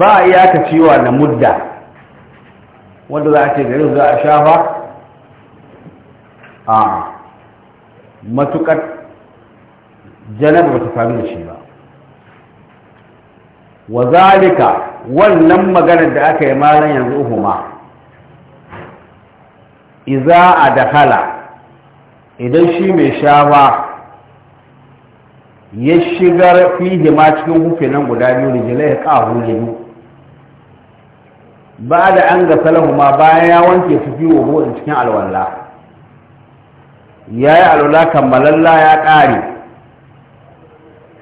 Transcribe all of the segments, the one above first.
ba a cewa na mudda wanda za a ce garin za a shafa a matukar janaba bata faru da shi ba wa zalika wannan maganar da aka yi malan yanzu ma iza a hala, idan shi mai shafa ya shigar fi ma cikin hufe guda biyu da jilai ya ƙahu ne ba da an ga ma bayan ya wanke su biyu wa in cikin alwala ya yi alwala kammalalla ya ƙare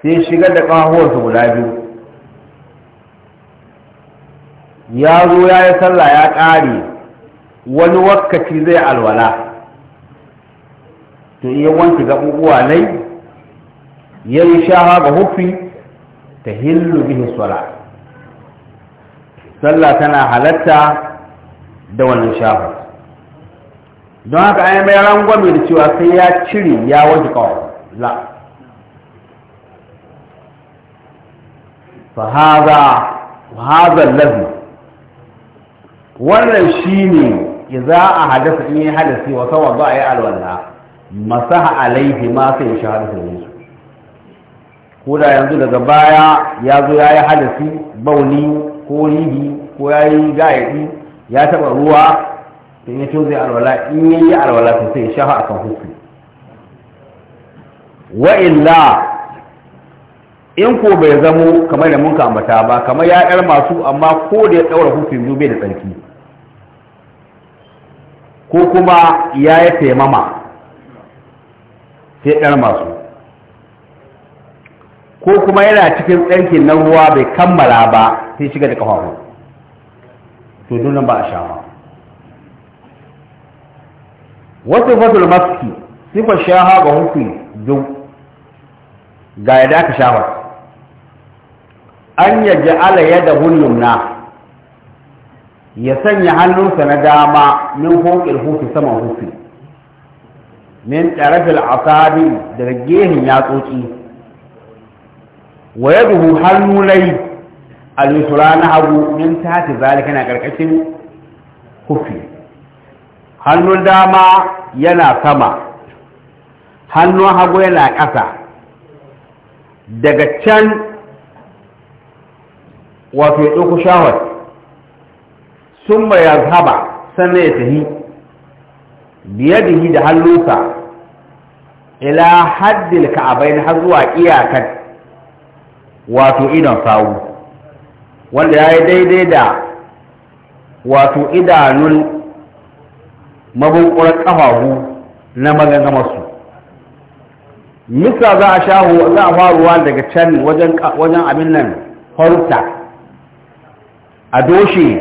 sai shigar da ƙahowarsa guda biyu ya zo ya yi sallah ya ƙare wani wakaci zai alwala to iya wanke gaɓuɓuwa nai ya yi shaha ga hufi ta hillu bihin sallah sallah tana halatta da wannan shafa don haka an yi mai rangwame da cewa sai ya cire ya waje kawai la fahaza hazan wannan shi ne ya za a hadasa in yi hadasi wa sawa a yi alwala masaha alaihi ma sai shi hadasa da su ko da yanzu daga baya ya zo ya yi hadasi bauni ko yi bi, ko ya yi gayadi ya taɓa ruwa to ya tozo zai alwala in ya yi alwala to sai ya shafa a kan hukumi wa illa in ko bai zamo kamar da mun ambata ba kamar ya yar masu amma ko da ya ɗaura hukumi biyu bai da tsarki ko kuma ya yi taimama sai yar masu ko kuma yana cikin tsarkin na ruwa bai kammala ba sai shiga da kafafu to dunan ba a sha ba wasu fasul maski sifa shaha ga hukun duk ga yadda aka shafa an ya ja'ala yadda hulyumna ya sanya hannunsa na dama min hukun hukun saman hukun min tsarafil asabi daga gehen yatsoki. wa buhu hannu lai al-yusra na hagu min tahti zalika na karkashin kufi hannun dama yana sama hannun hagu yana ƙasa daga can wato ya ɗauku shawar sun ya zaba sannan ya tahi biyadihi da hannunsa ila haddil ka'abai har zuwa iyakar wato idon sawu wanda ya yi daidai da wato idanun mabunkurar ƙafafu na magangamarsu misa za a shahu za a faruwa daga can wajen abin nan farta a doshe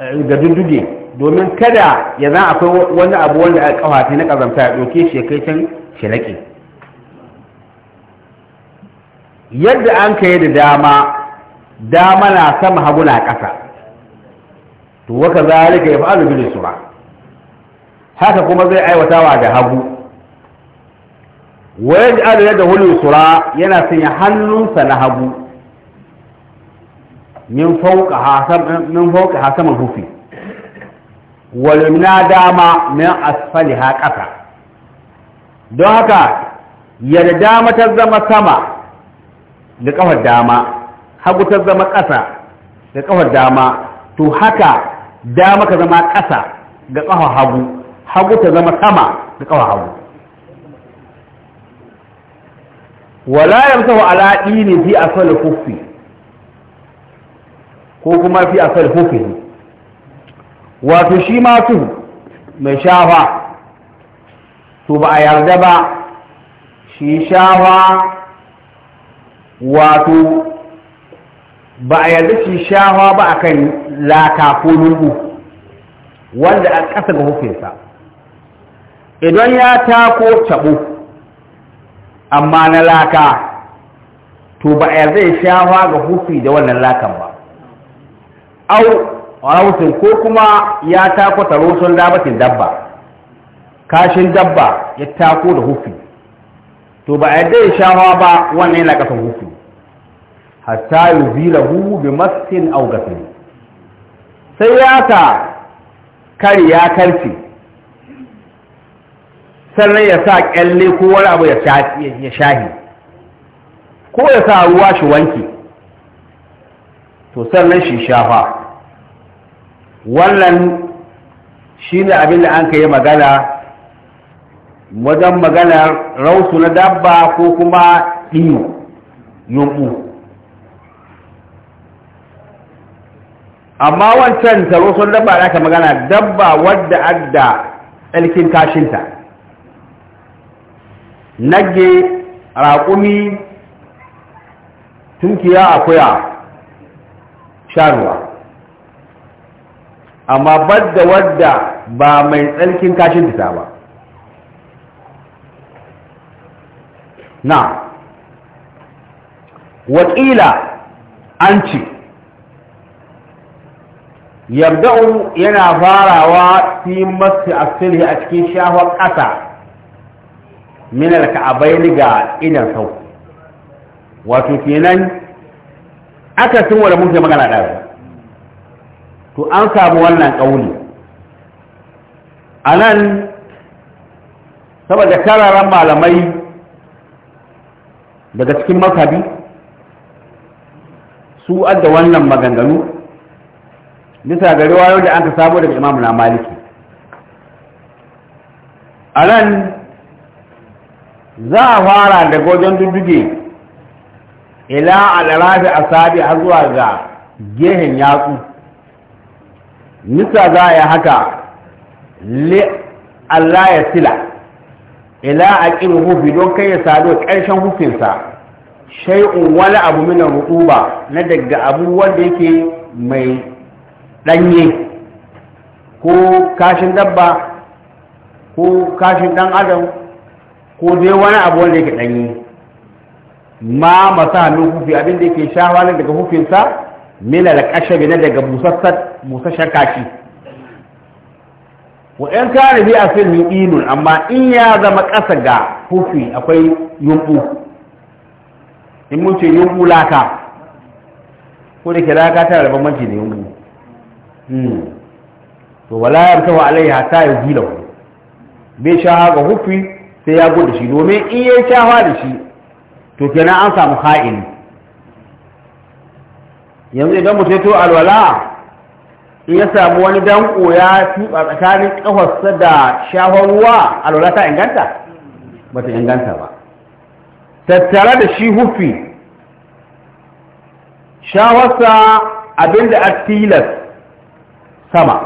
eh, da dudduge domin kada ya za akwai wani abu wanda a ƙafafi na ƙazamta ya ɗauke shekai ya can shi yadda an kai da dama dama na sama hagu na ƙasa to waka zalika ya fa'alu bil sura haka kuma zai aiwatawa da hagu wa yaj'alu da hulu sura yana sanya hannunsa na hagu min fawqa hasam min fawqa hasam hufi wal yumna dama min asfaliha ƙasa don haka yadda dama ta zama sama da kafar dama hagu ta zama ƙasa da kafar dama to haka dama ka zama ƙasa ga kafar hagu hagu ta zama sama ga kafar hagu wala yamsahu ala dini fi asal khuffi ko kuma fi asal khuffi wato shi ma su mai shafa to ba a yarda ba shi shafa wato ba a yarda shi shawa ba a kan laka ko lungu wanda a ƙasa ga hufinsa idan ya ko taɓo amma na laka to ba a yarda ya shawa ga hufi da wannan lakan ba au rautin ko kuma ya ko taro sun labatin dabba kashin dabba ya ko da hufi to ba a yarda ya shawa ba wannan yana ƙasa hufi hatta yuzilahu bi maskin aw ghasl sai ya ka kari ya karfi sannan ya sa kyalle ko wani abu ya shahi ko ya sa ruwa shi wanki to sannan shi shafa wannan shine ne abin da an kai magana wajen magana rausu na dabba ko kuma ɗiyo yumɓu amma wancan taro sun dabba da aka magana dabba wadda adda tsarkin kashinta nage raƙumi tunkiya akuya sharuwa amma badda wadda ba mai tsalkin kashinta ta ba na wakila an ce yabda'u yana farawa fi masu asili a cikin shafar ƙasa a ka'abai ga idan sau wato kenan aka sun wada muke magana ɗaya to an samu wannan ƙauni. a nan saboda kararan malamai daga cikin makabi su adda wannan maganganu bisa ga riwayo da an ka samu daga imamu na maliki a nan za a fara da wajen dudduge ila a sabi har zuwa ga gehen yatsu nisa za a yi haka li Allah ya sila ila a ƙin hufi don kai ya sadu ƙarshen hufinsa shai'un wani abu minan rutuba na daga abu wanda yake mai ɗanye ko kashin dabba ko kashin ɗan adam ko dai wani abu wanda yake ɗanye ma masa min hufi abin da yake shawanin daga hufinsa min alƙashabi na daga busasshen kashi wa ‘yan kare bi a filin inun amma in ya zama ƙasa ga hufi akwai yunɓu in mun ce yunɓu laka ko da ke laka tana da manci da yunɓu to wala yarkabu alaihi hatta wani? bai shaha ga hufi sai ya gudu shi domin in yi shaha da shi to kenan an samu ha'ili yanzu idan mutum to alwala in ya samu wani danko ya tuba tsakanin kafarsa da shahon ruwa alwala ta inganta ba ta inganta ba tattare da shi hufi shawarsa abinda a tilas sama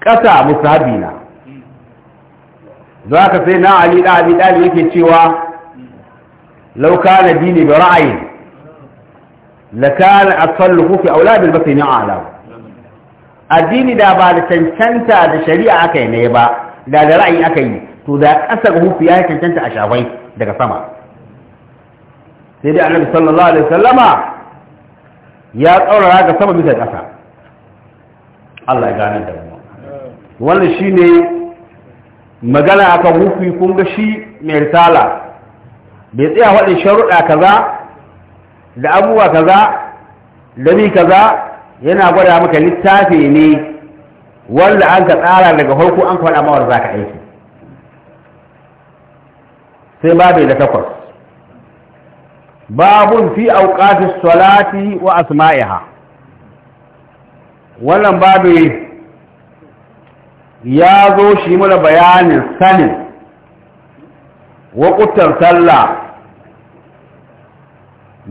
ƙasa musahabi na za ka sai na ali da yake cewa lauka na dini bi ra'ayin la kana asallu fi aulad al-basni ala addini da ba da cancanta da shari'a aka yi ne ba da da ra'ayi aka yi to da ƙasar hufi ya cancanta a shafai daga sama sai dai annabi sallallahu alaihi wasallama ya tsaurara ga sama bisa ƙasa Allah ya gane da mu wannan shine magana akan wufi kun ga shi mai risala bai tsaya waɗin sharuɗa kaza da abubuwa kaza da ni kaza yana gwada maka littafi ne wanda an ka tsara daga farko an kwaɗa mawar za ka aiki sai babu da takwas babun fi auqatis salati wa asma'iha wannan babu ya zo shi mana bayanin sanin waƙutar sallah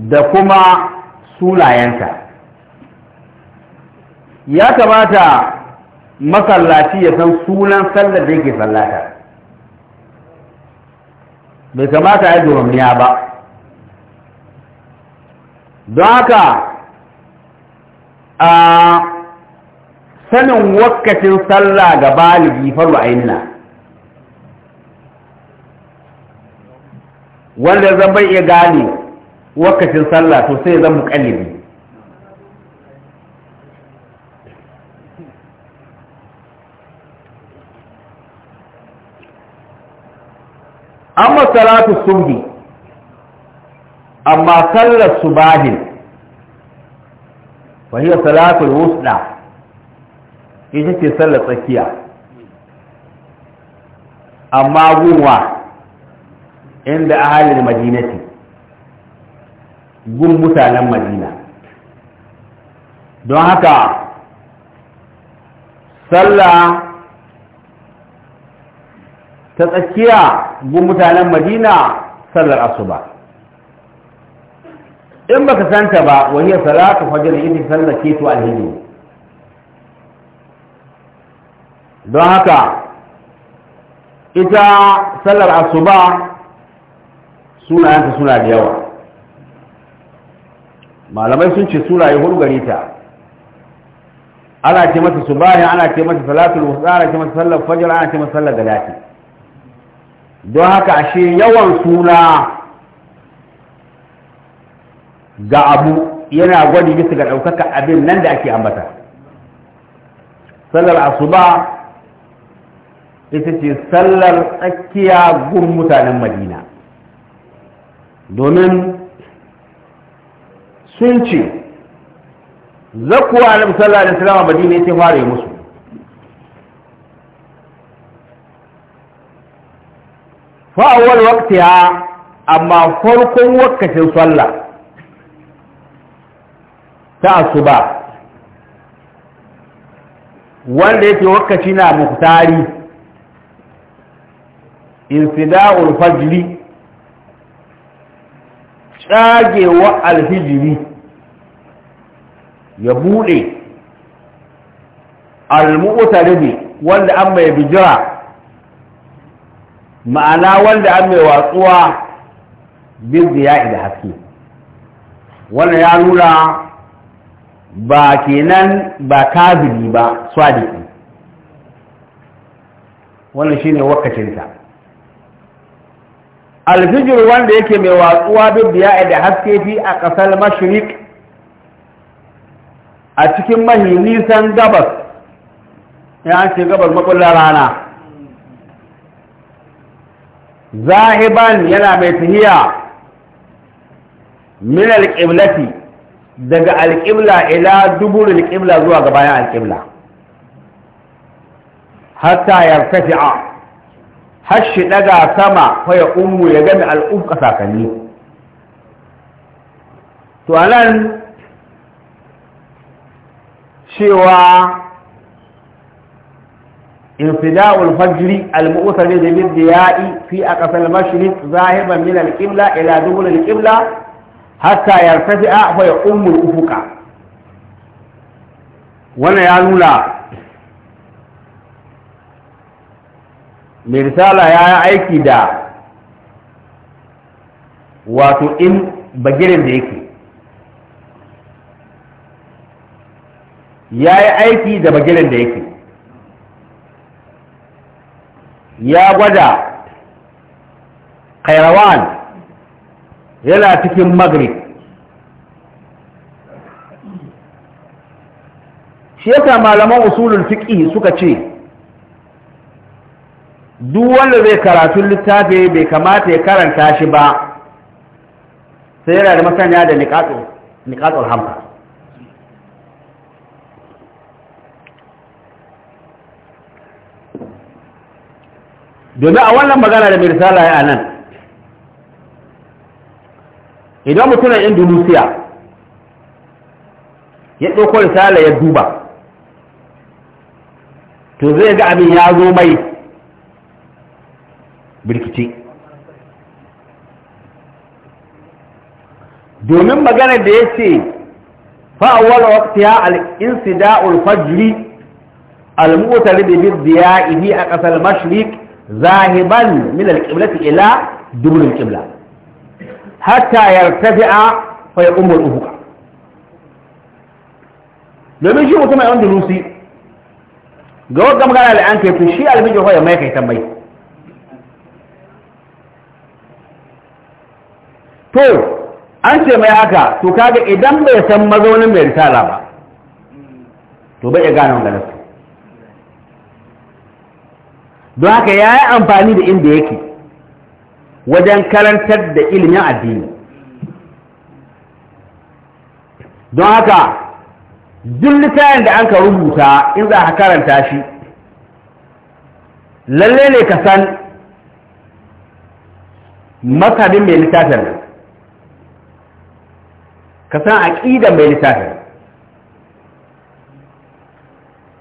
da kuma sunayenta ya kamata masallaci ya san sunan sallar da yake sallata bai kamata ya domin ba don haka a sanin wakacin sallah ga baligi faru ainihin wanda zan bai iya gane wakacin sallah to sai zan mukallibi amma salatu subhi amma sallar subahin wa hiya salatul wusda ita ce sallar tsakiya amma gunwa inda ahalin madinati gun mutanen madina don haka sallah ta tsakiya gun mutanen madina sallar asuba in baka santa ba wani salatu fajr ita sallar keto alhiji don haka ita sallar asuba sunayenta suna da yawa malamai sun ce sunaye hudu gare ta ana ce mata subahi ana ce mata salatul wusta ana ce mata sallar fajr ana ce mata sallar galati don haka ashe yawan suna ga abu yana gwani bisa ga ɗaukaka abin nan da ake ambata sallar asuba ita ce sallar tsakiya gun mutanen madina domin sun ce zakuwa na sallallahu da salama madina ya ce fara musu fa awwal amma farkon wakkatin sallah ta asuba wanda yake wakaci na muktari insida'ul fajri tsagewa alhijri ya bude almu'taribi wanda an mai bijira ma'ana wanda an mai watsuwa bin ziya'i da haske wannan ya nuna ba kenan ba kaziri ba swadiki wannan shine wakacinta alfijir wanda yake mai watsuwa bibbiya da haske fi a ƙasar mashriq a cikin mahi nisan gabas ya an ce gabas makullar rana zahiban yana mai tahiya min alƙiblati daga alƙibla ila duburin alƙibla zuwa ga bayan alƙibla hatta yartafi'a har Hashi daga sama faya umu ya gami al'ubka sakanni to anan cewa infida'ul hajiri, al ne da bid-diya'i a ƙasar mashriq zahiban min al ila dubul al hatta yartafi a fa yaqumul ufuka wannan ya nuna mai risala ya yi aiki da wato in bagirin da yake ya yi aiki da bagirin da yake ya gwada kairawan yana cikin magrib shi yasa malaman usulul fiƙi suka ce duk wanda zai karatu littafi bai kamata ya karanta shi ba sai yana da masaniya da niƙaƙar hamka domin a wannan magana da mirsala ya nan idan mutumin indonesia ya ɗauko risala ya duba to zai ga abin ya zo mai birkici domin maganar da ya ce fa'awar waktiya al'insida'ul fajri al-mutar ya diya ihi a ƙasar mashrik zahiban min al-ƙiblati ila duburin ƙibla hatta yartafi'a fa yaqumu al-ufuq domin shi mutum mai wanda rusi ga wanda magana da an kai to shi almijin hoya mai kai tambayi to an ce mai haka to kaga idan bai san mazaunin mai risala ba to bai gane wanda nasu don haka ya yi amfani da inda yake wajen karantar da ilimin addini don haka duk littayen da an ka rubuta in za a karanta shi lalle ne ka san masabin mai littafin ka san aƙidan mai littafin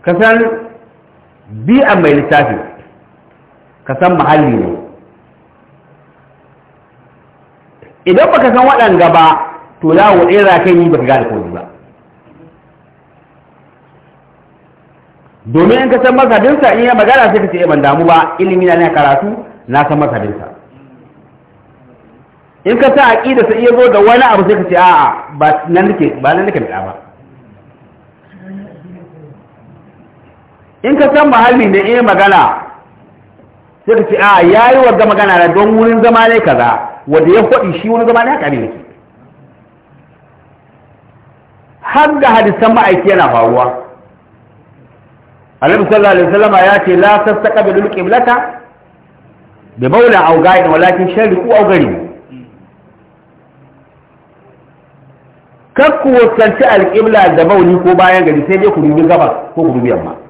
ka san bi'an mai littafin ka san mahalli ne idan baka san waɗanda ba to za ɗaya za ka yi baka gane komi ba domin in ka san mazhabinsa in ya magana sai ka ce eh, ban damu ba ilimi na karatu na san mazhabinsa in ka sa aqida sai iya zo da wani abu sai ka ce a'a ba nan nake ba nan nake ba in ka san muhalli da iya magana sai ka ce a'a yayi wa magana da don wurin zama ne kaza wanda ya faɗi shi wani zama ne haka yake har da hadisan ma'aiki yana faruwa annabi sallallahu alaihi wasallam ya ce la tastaqbilu qiblata bi mawla aw ga'id walakin shariqu aw gari kakku wasanci alƙibla da bauni ko bayan gari sai dai ku rubi gabas ko ku rubi yamma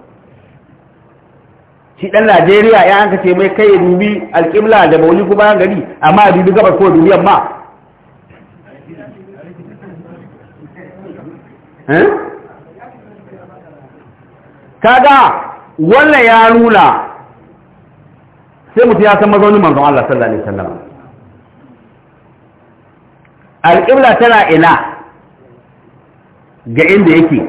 shi dan Najeriya ya an kace mai kai dubi alƙibla da bauli kuma yan gari amma dubi gabar ko ma. Ka eh? kaga wannan ya nuna sai mutum ya san mazaunin manzon Allah sallallahu alaihi wasallam alƙibla tana ina ga inda yake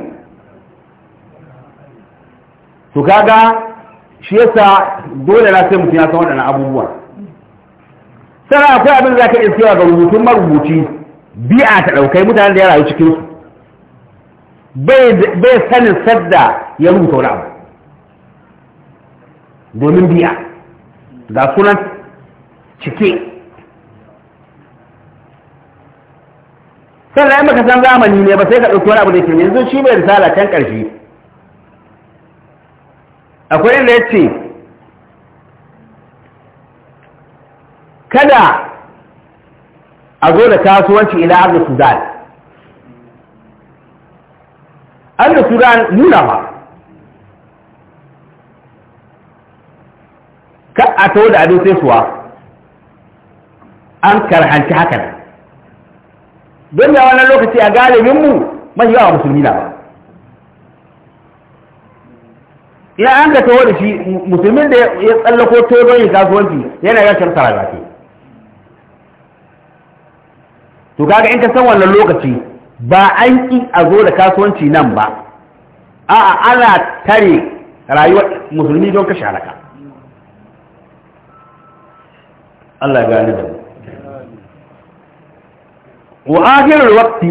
to kaga shi yasa dole na sai mutum ya san waɗannan abubuwa sannan akwai abin da za ka iya ga rubutun marubuci bi'a ta ɗaukai mutanen da ya rayu cikin su bai sanin sadda ya rubuta wani abu domin biya ga sunan cike sannan maka san zamani ne ba sai ka ɗauki wani abu da ke yanzu shi mai risala can ƙarshe akwai inda ya ce kada a zo da kasuwanci ila arzu sudan arzu sudan nuna ba ka a tawo da abin sai an karhanci hakan don da wani lokaci a galibinmu mafi yawa musulmi na ba Ya an ka tawo da shi musulmin da ya tsallako to don yin kasuwanci yana ya shar sara ce to kaga in ka san wannan lokaci ba an ki a zo da kasuwanci nan ba a'a ana tare rayuwar musulmi don kashe halaka Allah ya gani da mu wa akhirul waqti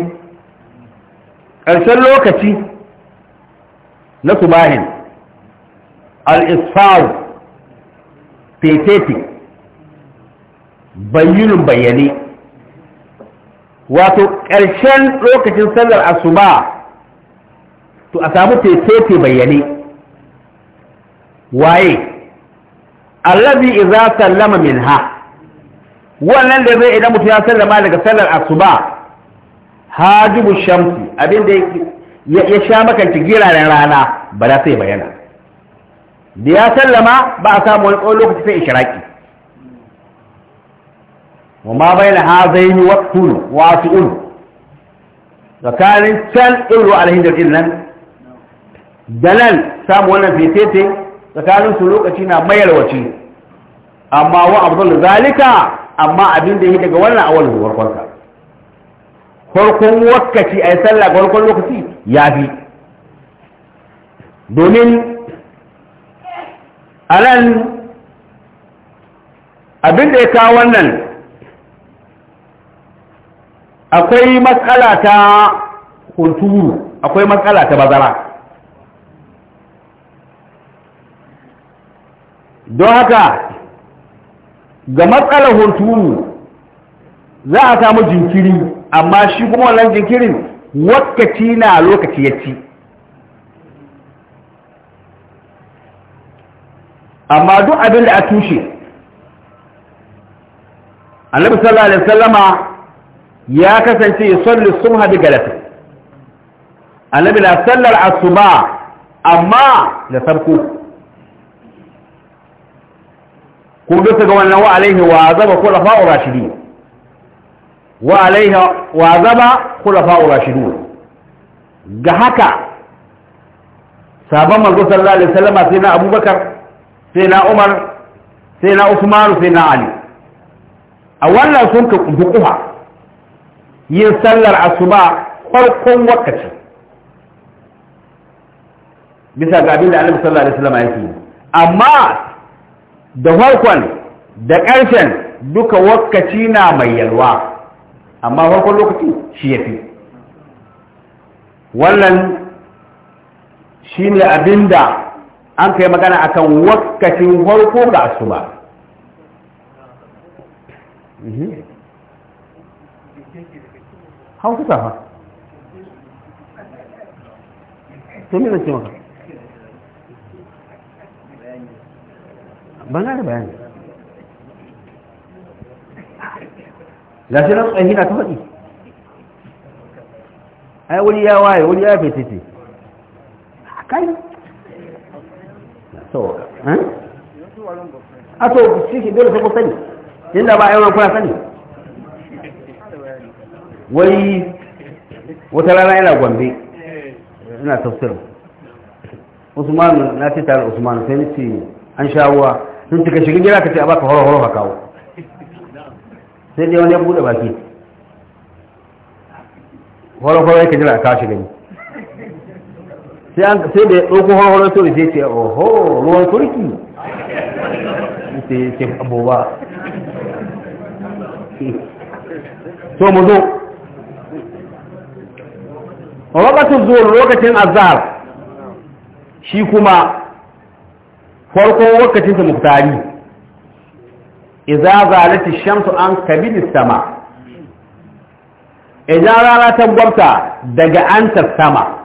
ƙarshen lokaci na subahin al-isfar fefefe bayyane wato ƙarshen lokacin sallar asuba to a samu fefefe bayyane waye allazi iza sallama minha wannan da zai idan mutum ya sallama daga sallar asuba hajibu shamsi abinda ya sha makanci giraren rana ba za sai bayyana da ya sallama ba a samu wani tsawon lokaci sai ishiraki wa ma bai na hazai ni wasu wa su ulu tsakanin can ilu alhin da nan da nan samu wannan fetete tsakanin su lokaci na wace amma wa abdul zalika amma abin da yi daga wannan awal zuwar kwanka farkon wakaci a yi sallah ga farkon lokaci ya fi domin a nan abinda ya kawo wannan akwai matsala ta hunturu akwai matsala ta bazara don haka ga matsalar hunturu za a samu jinkiri amma shi kuma wannan jinkirin wakaci na lokaci ya ci amma duk abin da a tushe annabi sallallahu alaihi wasallama ya kasance ya salli subha bi galata annabi na sallar asuba amma da farko, ko duk ga wannan wa alaihi wa zaba khulafa'ur rashidin wa alaihi wa zaba khulafa'ur rashidun ga haka sabon manzo sallallahu alaihi wasallama sai na abubakar sai na umar sai na usmanu sai na ali a wannan sun ka dukuwa yin sallar asuba farkon wakaci bisa ga abin da annabi sallallahu alaihi wasallam yake amma da farkon da ƙarshen duka wakaci na mai yalwa amma farkon lokaci shi ya fi. wannan shi ne abin da. an kai magana akan wakacin farko ga asuba mhm. hau kusa ha to me zance maka bana da bayani gashi nan tsayi na ta faɗi ai wuri ya waye wuri ya fetete a kai so eh? a to shi ke dole sai ku sani inda ba a yawan kuna sani wai wata rana yana gombe ina tafsirin usman na ce tare usman sai ni ce an sha ruwa sun cika shiga gida ka ce a baka horo-horo ka kawo sai dai wani ya bude baki horo-horo ya ka jira a kawo shi gani sai da ya ɗauko horhoron turki sai ce oho ruwan turki sai ce abubuwa so mu zo wakatun zuwa lokacin azhar shi kuma farkon lokacin ta muktari idza zalati shamsu an kabili sama idan rana ta gwamta daga an ta sama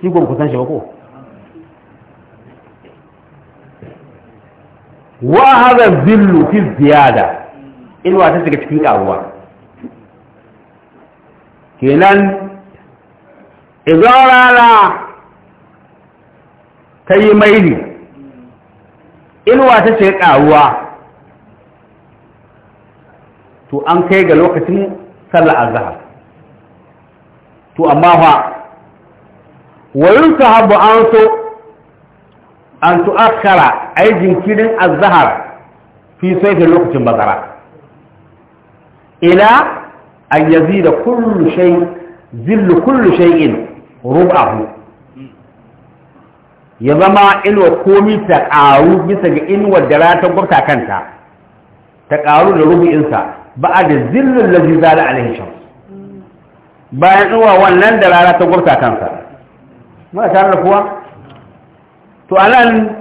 shi ko kusan shi ba ko wa hada zillu fi ziyada ilwa ta daga cikin karuwa kenan idan rana ta yi maili ilwa ta shiga karuwa to an kai ga lokacin sallar azhar to amma fa وينتهب أنت أن تؤخر أي جنكين الزهر في صيف الوقت بقرة إلى أن يزيد كل شيء ذل كل شيء ربعه ya zama inuwa komi ta ƙaru bisa ga inuwar da ta gwabta kanta ta ƙaru da rubu'insa ba a da zillin lazi zala alaihi bayan inuwa wannan da rana ta gwabta kansa muna tare da kuwa to a nan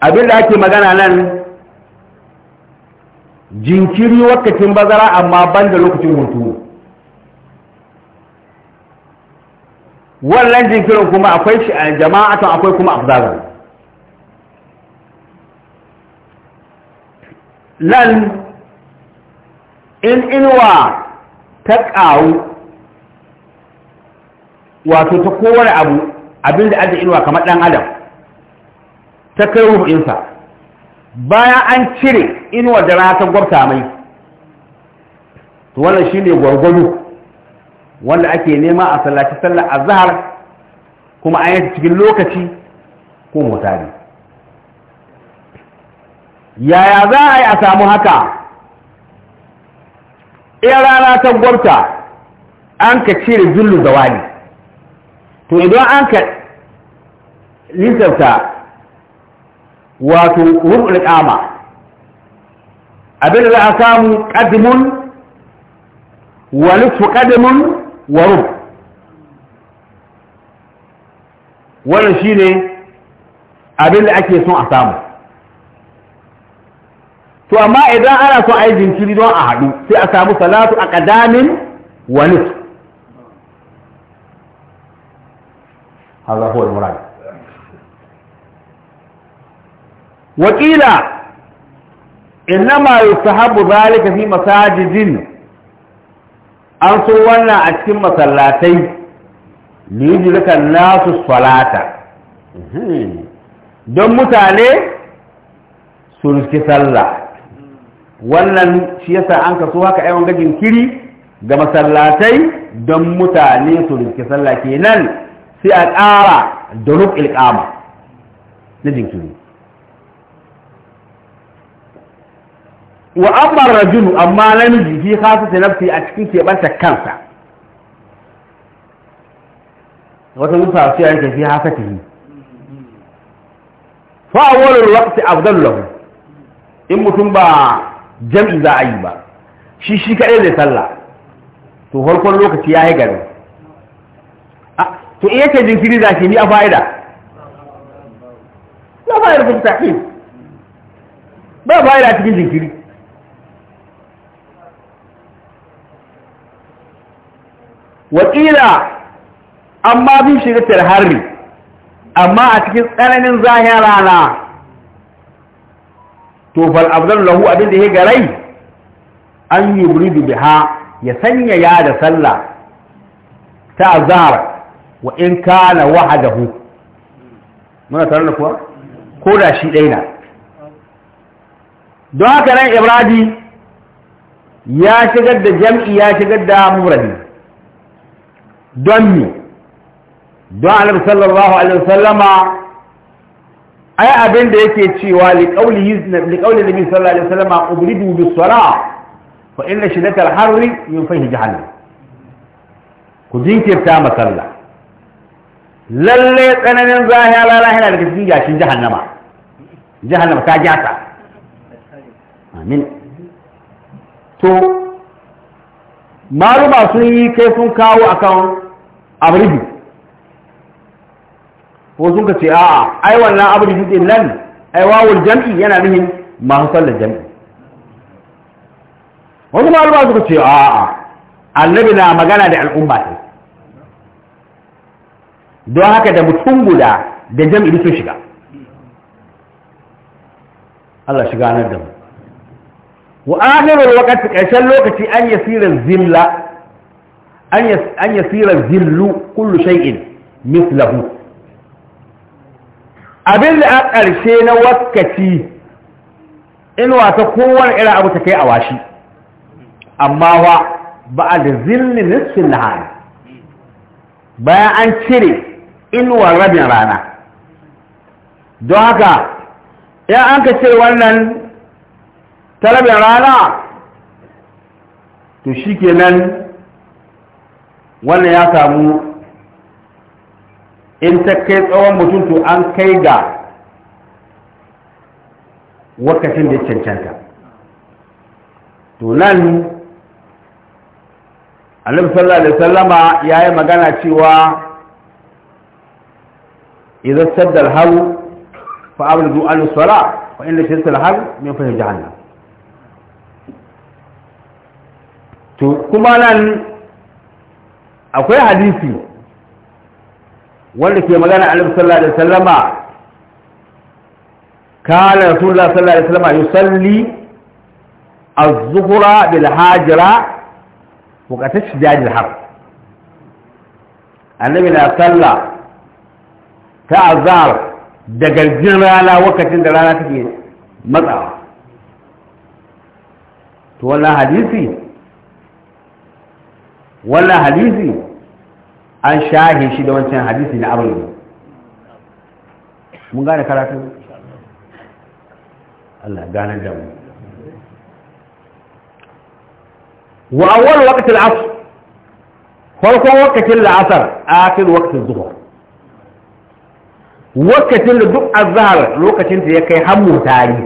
abinda ake magana nan jinkiri wakacin bazara amma ban da lokacin hutu wannan jinkirin kuma akwai shi a to akwai kuma afzalar nan in inuwa ta ƙaru wato ta kowane abu abin da ake inuwa kamar ɗan adam ta kai rufinsa bayan an cire inuwar da rana ta gwabta mai to wannan ne gwargwado wanda ake nema a sallaci sallar azhar kuma an yi cikin lokaci ko mutane yaya za a yi a samu haka in rana ta gwabta an ka cire zullu zawali to idan an ka lissafta wato rubul kama abin da za a samu qadmun wa nisfu qadmun wa rub wannan ne abin da ake son a samu to amma idan ana son a yi jinkiri don a haɗu sai a samu salatu a ƙadamin wa nisfu Waƙila, ina المراد sahabu إنما يستحب ذلك an so wannan a cikin masallatai liyujirka nasu salata hmm. don mutane su riski sallah wannan shi yasa an kaso haka yawan gajin kiri ga masallatai don mutane su riski sallah kenan sai a ƙara da rub ilƙama na jinkiri wa amma rajulu amma namiji fi khasu ta nafsi a cikin keɓanta kansa wata nufa su ke fi hasa ta yi fa a wani wakti lahu in mutum ba jam'i za a yi ba shi shi kaɗai da sallah to farkon lokaci ya yi gari to in yake jinkiri za shi ni a fa'ida na fa'ida ta tafi ba fa'ida cikin jinkiri wakila amma bin shirtar harri amma a cikin tsananin zahiyar rana to fal abdan lahu abin da ya garai an yi wuri biha ya sanya ya da sallah ta azhar wa in kana wahadahu muna tare da kuwa ko da shi ɗaya na don haka nan ibradi ya shigar da jam'i ya shigar da muradi don mi don annabi sallallahu alaihi wasallama ai abin da yake cewa liqauli liqauli nabi sallallahu alaihi wasallama ubridu bis salah fa inna shiddatal harri min fahi jahannam ku jinkirta masalla lalle tsananin zahiya lalahi yana daga cikin yashin jahannama jahannama ta gyasa amin to maruma sun yi kai sun kawo akan abridu ko sun ka ce a'a ai wannan abridu din nan ai wawul jam'i yana nihin masu sallar jam'i wasu maruma suka ce a'a annabi na magana da al'umma ne don haka da mutum guda da jam'i sun shiga Allah shiga nan da mu wa akhirul waqti ƙarshen lokaci an yasira zilla an yasira zillu kullu shay'in mithluhu abin da a ƙarshe na wakaci in wata kowar irin abu ta kai a washi amma wa ba a da zilli nisfin nahari bayan an cire inuwar rabin rana don haka ya an ka ce wannan ta rabin rana to shi kenan wannan ya samu in ta kai tsawon mutum to an kai ga wakacin da ya cancanta to nan alif sallallahu alaihi sallama ya yi magana cewa إذا اشتد الهو فأبلغوا عن الصلاة وإن اشتد الهو من فهم جهنم to kuma nan akwai hadisi wanda ke magana alaihi sallallahu alaihi wasallama kana rasulullah sallallahu alaihi wasallama yusalli az-zuhra bil hajra waqt ishtijaj al-har annabi na sallah ta azar da garjin rana wakacin da rana take matsawa to wannan hadisi wannan hadisi an shahe shi da wancan hadisi na abin mun gane karatu Allah gane da mu wa awwal waqt al-asr farkon waqtin al-asr akhir waqt az-zuhr wakacin da duk azhar lokacin da ya kai hammu tari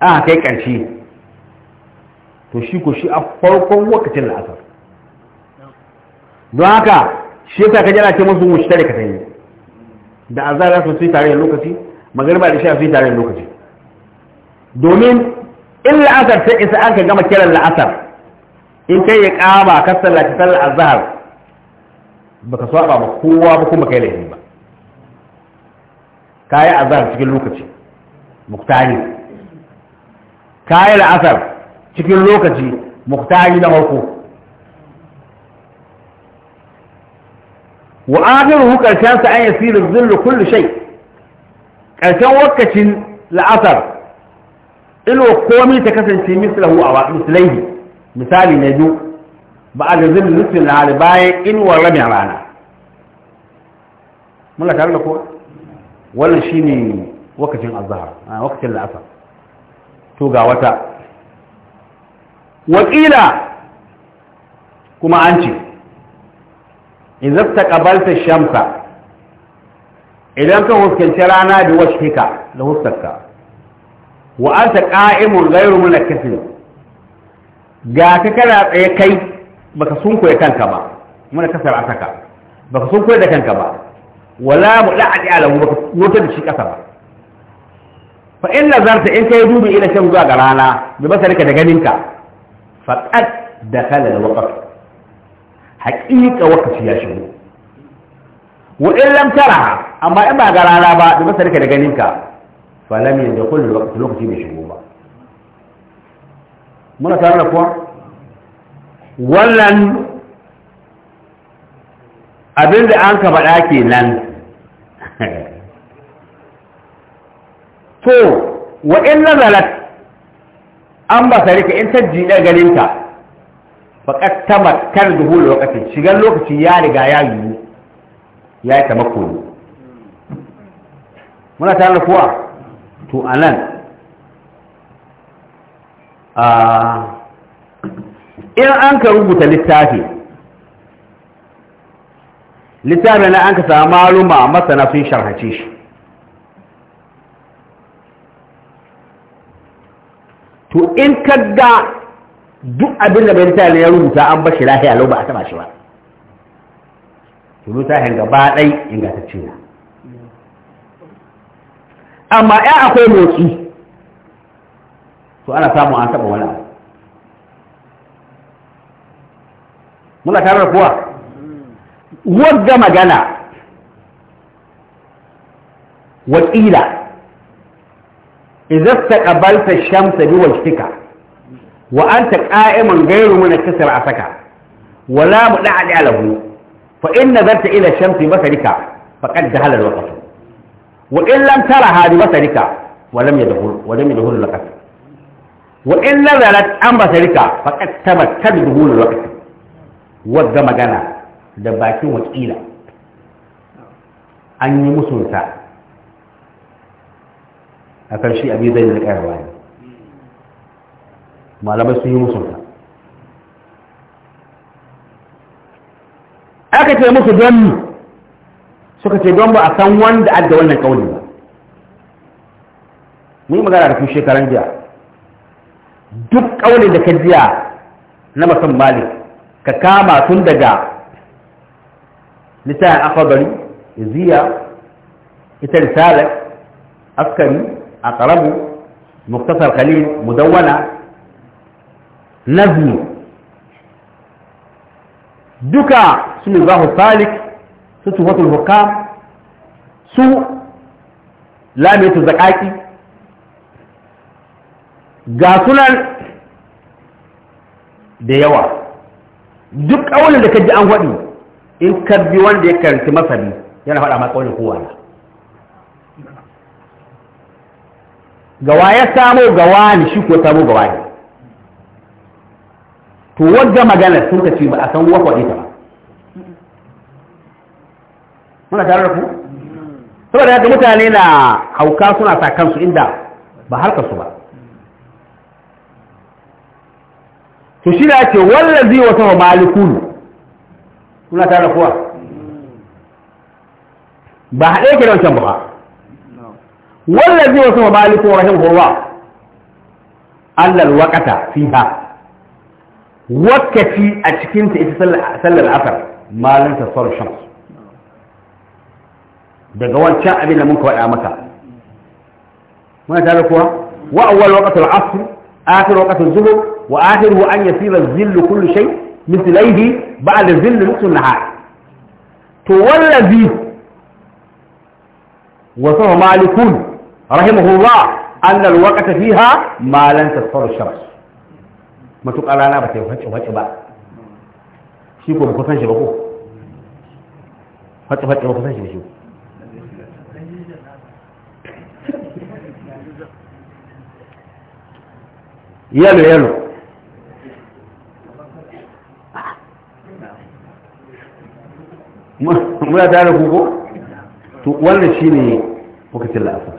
a kai ƙarshe to shi ko shi a farkon wakacin la'asar don haka shi ta kaji ana ce musu tare ka sanyi da azhar su su tare da lokaci magariba da shi su tare da lokaci domin in la'asar ta isa an ka gama kiran la'asar in kai ya kama ka sallaci sallar azhar baka saba ba kowa ba kuma kai laifin ba Ta yi azar cikin lokaci muktari Ta yi la'asar cikin lokaci muktari na farko wa akhiruhu karshen sa an yi yasiru dhillu kulli shay karshen wakacin la'asar ilo komai ta kasance mislahu a mislaihi misali na biyu ba a da zillu nufin na bayan inuwar rabin rana mula tare da kowa wannan shi ne wakacin azhar a wakacin la'asar to ga wata wakila kuma an ce Idan idza taqabalta shamsa idan ka huskanci rana da washika da huskarka wa anta qa'imun ghayru munakkisin ga ka kana tsaye kai baka sunkuye kanka ba muna kasar asaka baka sunkuye da kanka ba wala mu la'adi alamu baka wata da shi kasa ba fa in nazarta in kai dubi ila shan zuwa ga rana bi basarika da ganinka faqad dakhala al-waqt haqiqa waqti ya shigo wa in lam tara amma in ba ga rana ba bi basarika da ganinka fa lam yadkhul al lokaci bai shigo ba muna tare da kuwa wannan abin da an ka faɗa ke nan to wa in zalat an ba sarika in ta jiɗa ganinta faƙar ta matkar duhu da lokacin shigar lokaci ya riga ya yiwu ya yi ta makoni muna tare kuwa to a nan ah, in an ka rubuta littafi littafin na an ka samu maluma masana sun sharhace shi to in ka ga duk abin da bai littafin ya rubuta an bashi lahiya lau ba a taba shi ba to littafin gaba ɗai ingantacce na amma ya akwai motsi to ana samu an taba wani abu muna tare da kuwa wagga magana wakila izasta ƙabalta shamsa bi wajtika wa an ta ƙa'imin gairu mana kisar a saka wala mu ɗa ɗaya lahu fa in nazarta ila shamsi masarika faƙad da halar wakatu wa in lam tara hali masarika ولم يدخل ولم يدخل الوقت وإن نزلت عن بصرك فقد تمت دخول الوقت وقد مجانا da bakin wakila an yi musunta a ƙarshe abin zai da ƙayarwa ne malamai sun yi musunta aka ce musu don suka ce don ba a san wanda adda wannan ƙauni ba mun yi magana da fi shekaran jiya duk ƙaunin da ka jiya na masan malik ka kama tun daga littafin akwabari iziya ita risalar askari a ƙarabu muktasar khalil mudawwana nazmi duka su ne zahu salik su tuhatul hukam su lamitu zakaki ga sunan da yawa duk ƙaunin da kaji an faɗi in ka bi wanda ya karanci masani yana faɗa maka wani kowa na gawa ya samo gawa ne shi ko samo gawa ne to wadda magana sun ka ce ba a san wakwa ita ba muna tare da ku saboda yadda mutane na hauka suna sa kansu inda ba harkar su ba to shi da ake wallazi wata malikulu kuna tare kuwa ba haɗe ke da wancan ba wannan zai wasu maliku rahim horwa. allal wakata fiha wakati a cikinta ita sallar asar malin tasar shams daga wancan abin da muka waɗa maka muna tare kuwa wa awwal waqtul asr akhir waqtul zuhur wa akhiru an yasira zillu kullu shai. مثليه بعد ظل نصف النهار تولى توالذي وصف مالك رحمه الله أن الوقت فيها ما لن تصفر الشرس ما تقال أنا بس فتح فتح بقى شو كم كفن شبكه فتح فتح كفن شبكه يلو يلو muna tare ku ko to wannan shine lokacin la'asar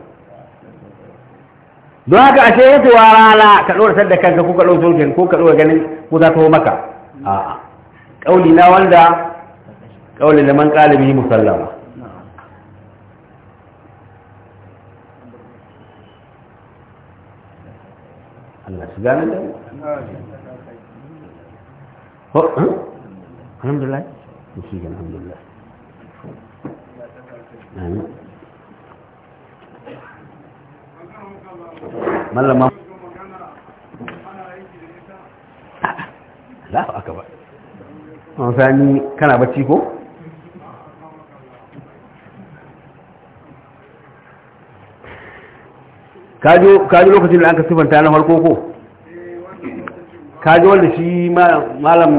don haka ashe ya ce wa rana ka ɗora sadda kanka ko ka ɗora sulkin ko ka ɗora ganin ko za ta ho maka a kauli na wanda kauli da man ƙalibi musallama Allah su gane da oh, alhamdulillah shi الحمد لله mallama ما aka ba an sani kana bacci ko? kaji lokacin da an ka siffanta na farko ko? kaji wanda shi malam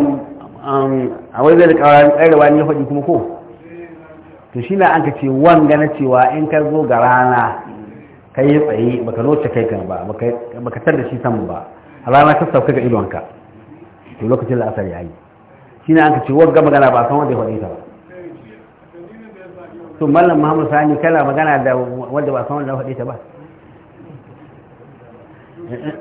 Um, a wani zai da ƙawarin tsarewa ne faɗi kuma ko to shi na an ka ce wanga gana cewa in ka zo ga rana ka yi tsaye baka loce kai kan ba baka tar da shi samu ba a rana ka sauka ga idonka to lokacin la'asar ya yi shi na an ka ce wanga magana ba san wanda ya faɗi ta ba to mallam muhammad sani kana magana da wanda ba san wanda ya faɗi ta ba eh, eh.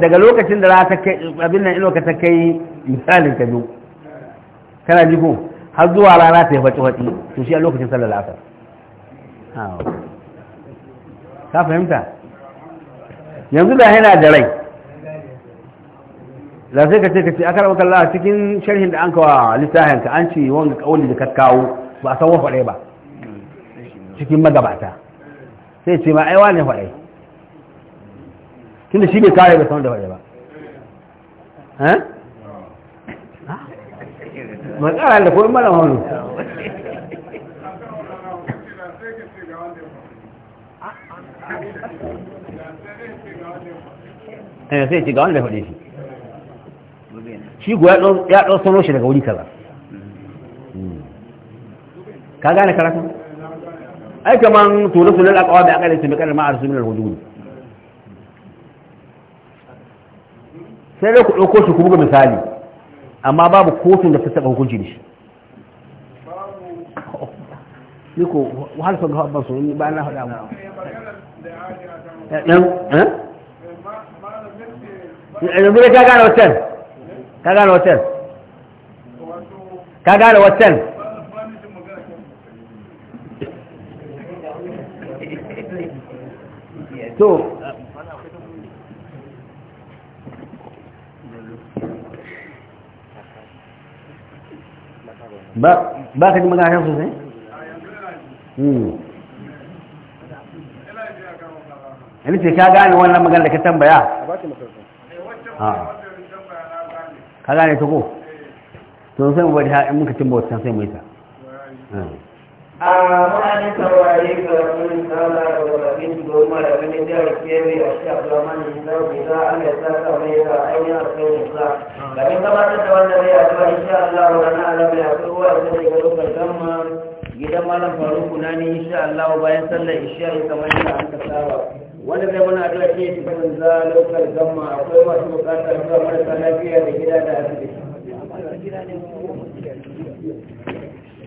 daga lokacin da rana ta kai abin nan ka ta kai misalin ka biyu kana ji ko har zuwa rana ta yi faci to shi a lokacin sallar asar, ka fahimta yanzu da yana da rai da sai ka ce ka ce aka rabu kalla cikin sharhin da an kawa littafin ka an ce wanga kauli da ka kawo ba a san wa faɗai ba cikin magabata sai ce ma aiwa ne faɗai tunda shi bai kare ba sanar eh? da waje ba matsara da kuma mara wani? Eh, ya sai ci ga wanda faɗe shi shi guwa ya ɗau sano shi daga wuri kaza hmm. ka gane karatun Aikaman kaman tulu sulal aqwa bi aqalin tabiqan ma arsu min al hudu. sai dai ku ɗauko shi ku buga misali amma babu kotun da ta taɓa hukunci da shi ni ko har sun gaba ban su ni ba na faɗa mu dan eh yanzu ka gane hotel ka gane hotel ka gane hotel to ba ka ji magana sosai? yana hmm. ce ka gane wannan magana da ka tambaya? ka gane ta ko? to sai mu bari ha'in muka timbo bautan sai mu yi ta hmm. ஆமானித்த வழிகளும் நாளாகவும் தூமரவின் a அஷ்டபலமன் இந்த விழா அல்ல ஐயா கணிசமாக வந்தவை அதுவா இஷா அல்லாவுடனா அளவில் அசுவா சிலைகளும் கல்கம்மா gidamalan faru kuna ne insha Allah bayan sallar isha kamar a aka saba wanda zai mana addu'a ce ta banza lokal gamma akwai masu bukatar zuwa marasa lafiya da gida da asibiti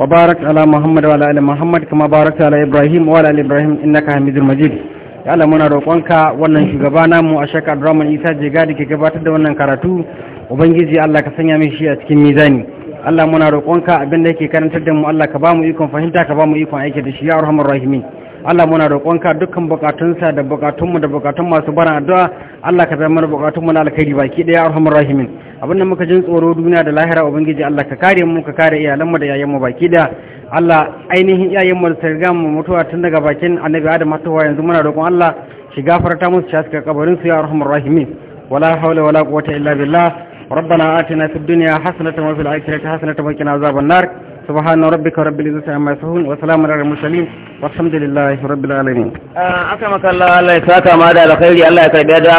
وبارك على محمد وعلى ال محمد كما باركت على ابراهيم وعلى ال ابراهيم انك حميد مجيد يا الله muna roƙonka wannan shugaba namu a shaka Abdurrahman Isa je da ke gabatar da wannan karatu ubangiji Allah ka sanya min shi a cikin mizani Allah muna roƙonka abin da yake karantar da mu Allah ka ba mu ikon fahimta ka ba mu ikon aiki da shi ya arhamar rahimin Allah muna roƙonka dukkan bukatunsa da bukatunmu da bukatun masu bara addu'a Allah ka zama bukatunmu na alkhairi baki ɗaya. arhamar rahimin abin da muka jin tsoro duniya da lahira ubangiji Allah ka kare mu ka kare iyalanmu da yayanmu baki ɗaya. Allah ainihin iyayenmu da sarga mu mutuwa tun daga bakin annabi Adam har zuwa yanzu muna roƙon Allah shi gafarta musu shi aska kabarin su ya arhamar rahimin wala hawla wala quwwata illa billah ربنا آتنا في الدنيا حسنة وفي الآخرة حسنة وقنا عذاب النار سبحان ربك رب العزة عما يصفون وسلام على المرسلين والحمد لله رب العالمين آه، أكرمك الله الله يسعدك ما دام خير الله يكرمك